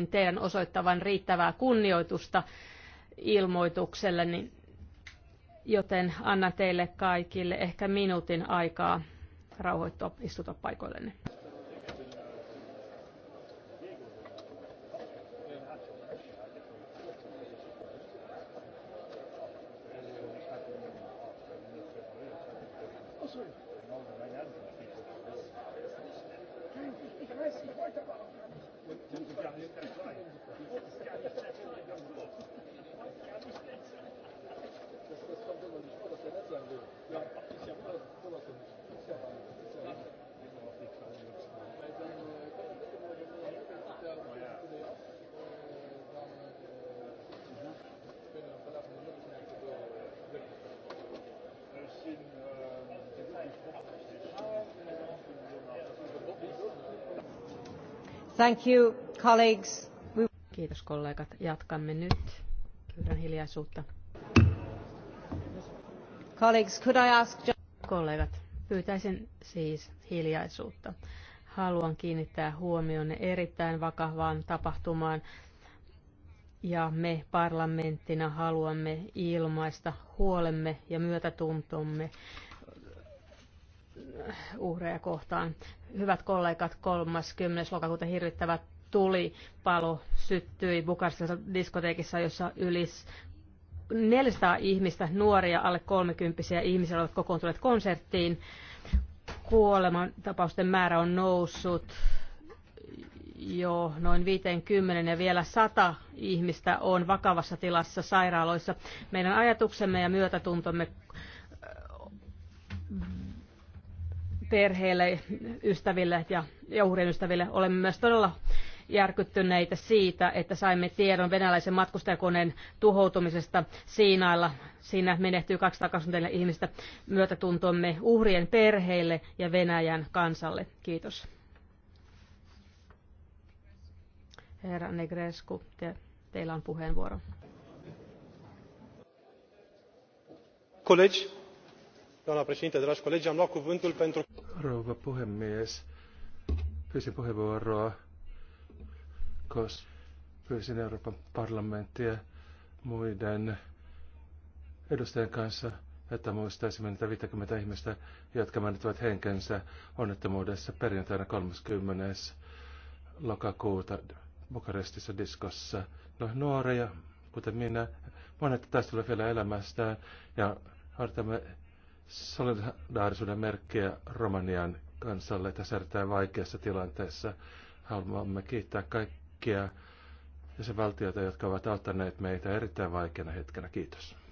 sitten teidän osoittavan riittävää kunnioitusta ilmoitukselle, niin joten anna teille kaikille ehkä minuutin aikaa rauhoittua, istuta paikoillenne. Thank oh, you. Thank you, colleagues. We... Kiitos kollegat. Jatkamme nyt. Pyydän hiljaisuutta. Colleagues, could I ask... Kollegat, pyytäisin siis hiljaisuutta. Haluan kiinnittää huomioon erittäin vakavaan tapahtumaan ja me parlamenttina haluamme ilmaista huolemme ja myötätuntomme uhreja kohtaan. Hyvät kollegat, 30. lokakuuta hirvittävä tuli palo syttyi Bukarestissa diskoteekissa, jossa yli 400 ihmistä, nuoria, alle 30 ihmisiä olivat kokoontuneet konserttiin. Kuoleman tapausten määrä on noussut jo noin 50 ja vielä 100 ihmistä on vakavassa tilassa sairaaloissa. Meidän ajatuksemme ja myötätuntomme perheille, ystäville ja, ja uhrien ystäville. Olemme myös todella järkyttyneitä siitä, että saimme tiedon venäläisen matkustajakoneen tuhoutumisesta Siinailla. Siinä menehtyy 224 ihmistä. Myötätuntomme uhrien perheille ja Venäjän kansalle. Kiitos. Herra Negrescu, te, teillä on puheenvuoro. College doamnă președintă, dragi colegi, am luat cuvântul pentru... Rouva puhemies, pyysin puheenvuoroa, koska pyysin Euroopan parlamenttia muiden edustajien kanssa, että muistaisimme niitä 50 ihmistä, jotka menettävät henkensä onnettomuudessa perjantaina 30. lokakuuta Bukarestissa diskossa. No nuoria, kuten minä, monet taistelevat vielä elämästään ja odotamme solidaarisuuden merkkejä Romanian kansalle tässä erittäin vaikeassa tilanteessa. Haluamme kiittää kaikkia ja se valtioita, jotka ovat auttaneet meitä erittäin vaikeana hetkenä. Kiitos.